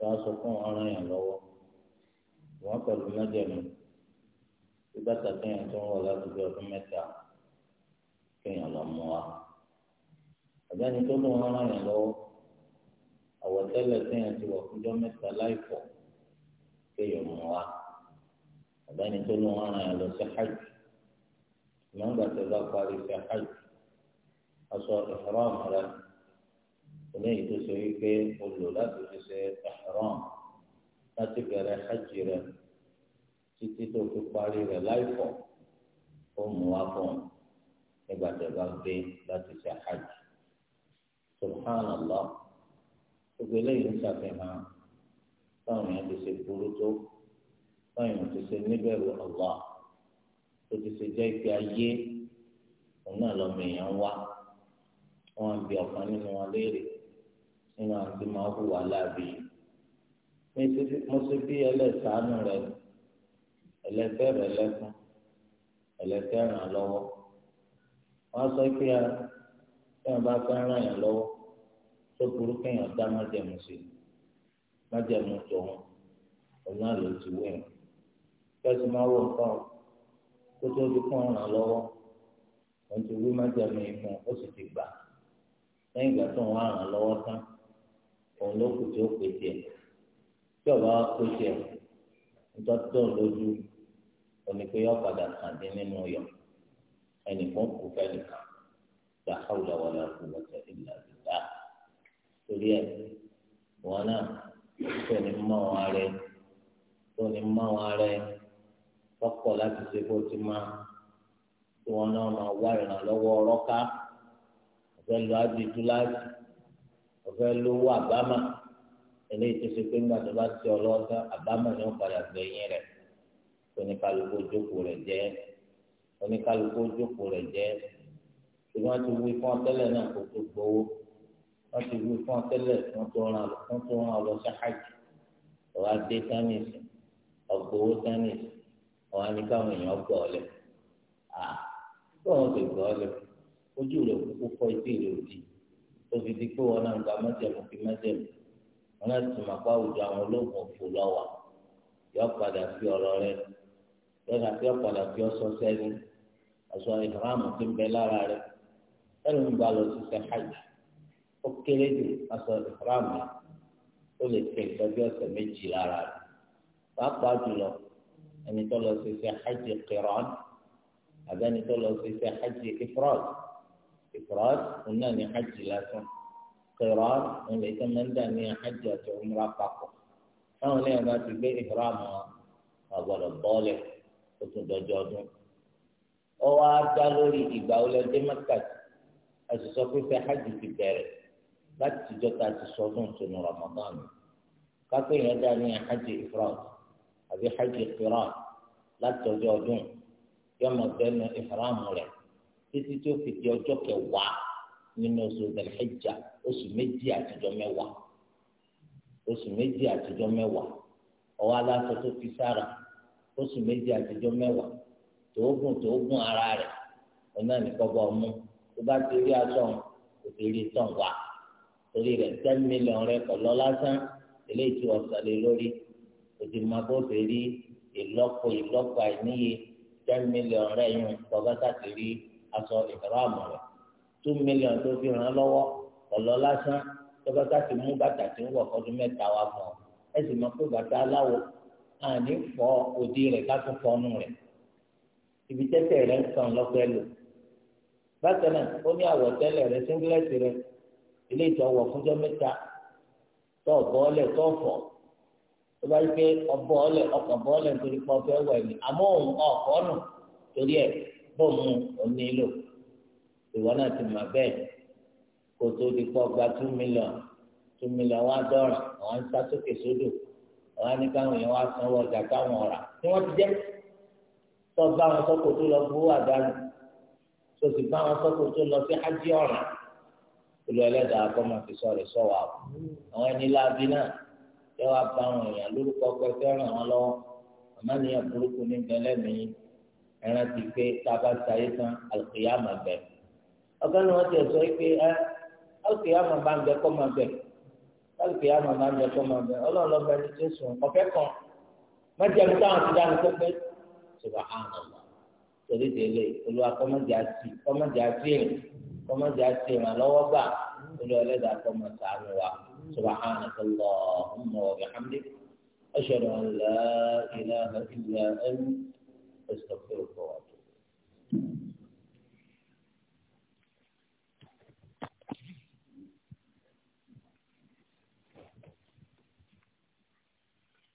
wọ́n á sọ fún ọ̀ràn yàn lọ́wọ́ wọ́n pẹ̀lú májẹ̀mú bí bàtà kéèyàn tó ń wọ̀ láti bí ọdún kéèyàn lọ mú wa àbẹ́ni tó lóun kéèyàn ti wọ̀ fúnjọ́ mẹ́ta láìpọ̀ kéèyàn mú wa àbẹ́ni tó lóun lọ sí hajj ìmọ̀ ń bá parí sí hajj aṣọ eléyìí tó ṣe wípé o lò láti fi ṣe ẹ̀rọ̀n láti bẹ̀rẹ̀ hajj rẹ títí tó fi parí rẹ láìpọ̀ ó mú wá fún un nígbà tó bá gbé láti ṣe hajj subhanallah gbogbo eléyìí ń ṣàfihàn báwọn èèyàn ti ṣe burú tó báwọn èèyàn ti ṣe níbẹ̀rù Allah tó ti ṣe jẹ́ ìpè ayé òun náà lọ́mọ èèyàn wá wọn bí ọ̀kan nínú wọn léèrè. nínú àwọn tí ọ hùwà láàbì mo ṣe bí ẹlẹ́sàánú rẹ ẹlẹ́fẹ́ rẹ lẹ́kún ẹlẹ́fẹ́ ràn lọ́wọ́ wọ́n sọ pé ya ẹ bá fẹ́ ràn yàn lọ́wọ́ tó burú kéèyàn dá májẹ̀mú sí májẹ̀mú tòun òun ló ti kẹ́sì máa wọ nǹkan kó tó kún ọ̀ràn lọ́wọ́ ti wí májẹ̀mú yìí fún ó sì ti gbà lẹ́yìn ìgbà tó ń òun ló kù tí ó pè tiẹ̀ tí ọba wa pè tiẹ̀ ntọ́tọ́ lójú omi pé yọ padà kàn dín nínú yọ ẹnìkan kù fẹ́nìkan gba hawla wala quwwata illa torí ẹ wọn náà tó ní mọ wọn rẹ tó ní mọ wọn rẹ tọkọ láti ṣe bó ti máa tí wọn náà máa wá ọ̀fẹ́ lówó àbámà eléyìí tó ṣe pé ńgbà tó bá ti ọlọ́ọ̀tà àbámà ni wọ́n padà gbẹ̀yìn rẹ̀ oníkálukú ojókòó rẹ̀ jẹ́ oníkálukú ojókòó rẹ̀ jẹ́ ṣùgbọ́n ti wí fún ọtẹ́lẹ̀ náà kó tó gbowó wọ́n ti wí fún ọtẹ́lẹ̀ fún tó ràn fún tó ràn lọ sí hajj ọ̀wá dé tánìsì ọ̀gbowó tánìsì ọ̀wá ní káwọn èèyàn gbọ́ ọ lẹ̀ à bọ́ọ̀ ti gbọ́ ọ lẹ̀ ojú rẹ̀ kúkú kọ́ etí rẹ̀ òdì yìí tóbi di pé wọn náà ń gba mẹjẹmú fi mẹjẹmú wọn náà tún máa pa àwùjọ àwọn ológun òfò lọ́wọ́ yọ padà fi ọ̀rọ̀ rẹ yọ̀dà fi ọ̀padà fi ọsọ sẹ́ni aṣọ ìhàmù tó ń bẹ lára rẹ ẹnu ń gba lọ sí sẹ́hàjì ó kéré jù aṣọ ìhàmù ó lè fi ìtọ́jú ọ̀sẹ̀ méjì lára rẹ pàápàá jùlọ ẹni tó lọ sí sẹ́hàjì kìrọ́ọ̀nù àbẹ́ni tó lọ sí sẹ́hàjì ìfúrọ́ọ̀nù. إفراد قلنا أن يحج لكن قرار قلنا يتم أن يعني يحج عمرة فقط أو لا ما في بي إحرام أول الضالة قلت أو أعطى لوري إبا ولا دي مكت أسسوكي في حج في بيري بات تجوتا تسوكي سنو رمضان كاكو يداني حج إفراد أبي حج قرار لا تجوجون يوم الدين إحرام لك títí tó fi di ọjọ́ kẹwàá nínú oṣù Dhul-Hijjah oṣù méjì àtijọ́ mẹ́wàá oṣù méjì àtijọ́ mẹ́wàá ọwọ́ aláṣọ tó fi sára oṣù méjì àtijọ́ mẹ́wàá tòógùn tòógùn ara rẹ̀ ọ̀nà nìkọ́bọ̀ ọmú tó bá ti rí aṣọ kò ti rí tán wá torí rẹ̀ ten million rẹ̀ kọ̀ lọ lásán eléyìí tí wọ́n sàlẹ̀ lórí kò máa bó ṣe rí ìlọ́pọ̀ ìlọ́pọ̀ àìníye ten million rẹ̀ yún bọ́bá sàtìrí aṣọ ìkàràmù rẹ̀ two million tó fi ràn án lọ́wọ́ ọ̀lọ́ lásán tọ́ba ká ti mú bàtà tí ń wọ̀ ọdún mẹ́ta wá fún ọ ẹ sì máa kó bàtà aláwọ̀ àní fọ òdi rẹ̀ ká tún fọnú rẹ̀ ibi tẹ́tẹ̀ rẹ̀ ń kàn lọ́pẹ́ lò bákan náà ó ní àwọ̀tẹ́lẹ̀ rẹ̀ síngílẹ̀tì rẹ̀ ilé ìtọ́wọ̀ fúnjọ́ mẹ́ta tọ́ bọ́ọ̀lẹ̀ tọ́ fọ̀ tó bá yí pé ọbọ̀ọ̀lẹ̀ ọkọ̀ bọ́ọ̀lẹ̀ nítorí pọ́ọ́fẹ́ wẹ̀ ni àmọ́ òun ọ̀kọ́ nù torí ẹ̀ fóònù onílò ìwọ náà ti mà bẹ́ẹ̀ kó tó di kọ́ gba two million two million wá dọ́ràn àwọn ń sá sókè sódò àwọn ní káwọn èèyàn wá sanwó ọjà káwọn ọ̀rà tí wọ́n ti jẹ́ tó bá wọn sọ́kò tó lọ gbowó àdánù tó sì bá wọn sọ́kò tó lọ sí ájí ọ̀ràn olú ẹlẹ́dàá akọ́mọ fi sọ̀rọ̀ sọ̀wọ́ àwọn àwọn ẹni láabi náà yẹ wá bá wọn èèyàn lórúkọ pẹ́ fẹ́ràn wọn lọ́wọ́ àmọ́ ẹran ti pé tá a bá sáyé tán alùpùpù bẹ ọgá ni wọn ti sọ pé ẹ alùpùpù bá ń bẹ kọ máa bẹ alùpùpù bá ń bẹ kọ máa bẹ Ọlọ́run lọgbà ẹni tó sùn ọfẹ kan májèlú táwọn ti dánu pé ṣùgbọ́n àwọn ọmọ torí délé olúwa kọmọdé àti kọmọdé àti èrè kọmọdé àti ìrànlọ́wọ́ gbà olúwa ẹlẹ́dàá kọmọ sàánú wa ṣùgbọ́n àwọn ọmọ ọmọ أشهد أن لا إله إلا